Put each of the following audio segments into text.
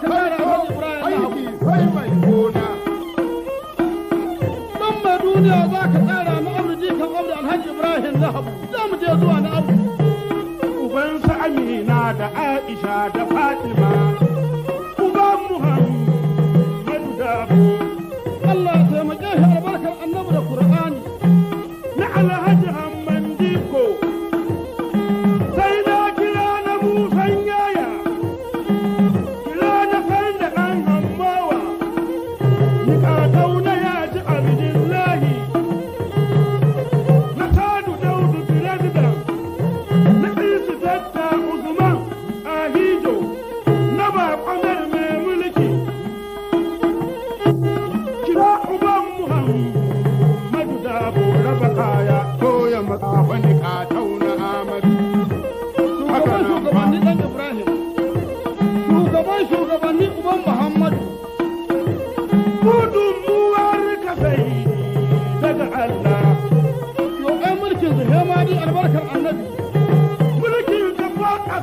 aiki sai mai gona. Don mai duniya za ka tsara na abu jikan abu Alhaji Ibrahim Zahabu za mu je zuwa na abu. Ubansa Amina da Aisha da Fatima. بيدي دقع الله وأمر كذا يا مالي البركة النبي ملكي دفاقة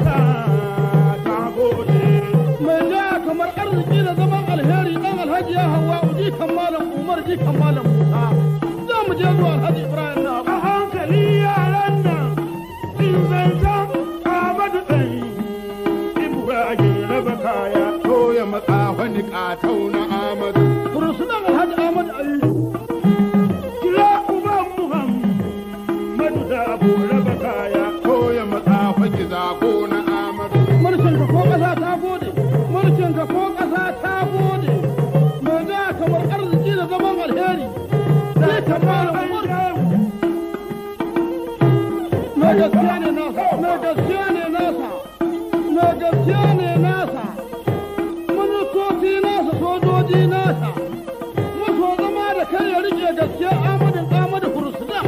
تعبودي ملاك مر أرض كذا زمان الهيري أنا الهدي يا هوا وجيك مالك ومر جيك مالك زام جدوى الهدي إبراهيم أهانك لي يا لنا إن زيتان أبد أي إبراهيم لبكايا هو يا مطاوى نكاتونا أمدو aikin ka ko ƙasa ta gode mai da kamar arziki da zaman alheri sai ka mara umar gaskiya ne nasa mai ne nasa mai ne nasa nasa sojoji nasa Muso zama da kai ya rike gaskiya amadin amadin furusudan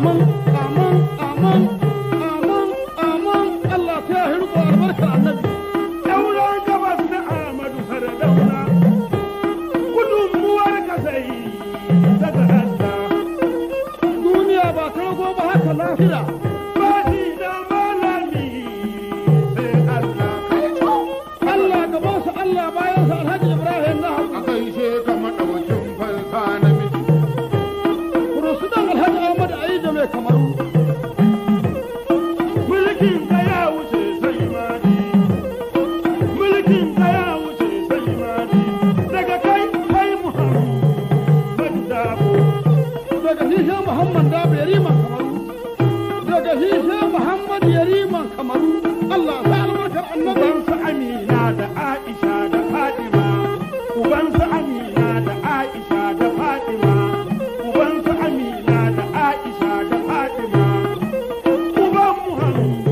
aman aman aman aman aman Allah ta ya hirko albarka annabi daular gabas na Ahmadu Sardauna gudunmuwar ka sai daga Allah duniya ba ta rago ba haka lafiya muhammad da yariman kamaru daga shi sai muhammad yariman kamaru allah sa albarkar annabansa amina da aisha da fatima ubansa amina da aisha da fatima ubansa amina da aisha da fatima uban muhammad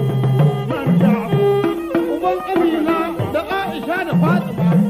man da uban amina da aisha da fatima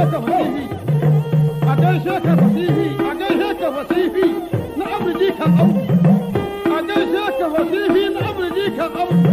عدوشه تفصيحي عدوشه تفصيحي عدوشه تفصيحي نعم ديك الأرض عدوشه تفصيحي نعم ديك الأرض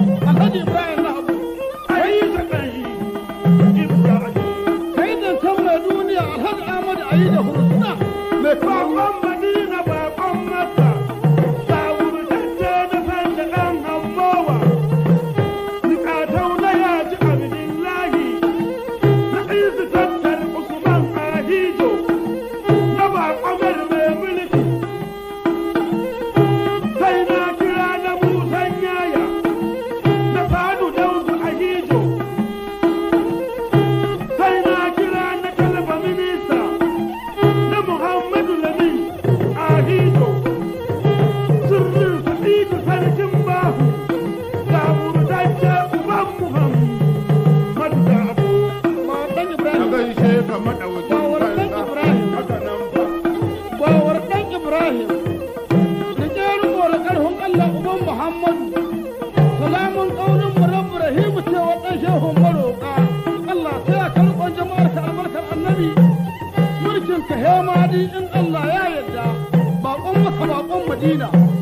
hema in Allah ya yarda baƙon masa baƙon Madina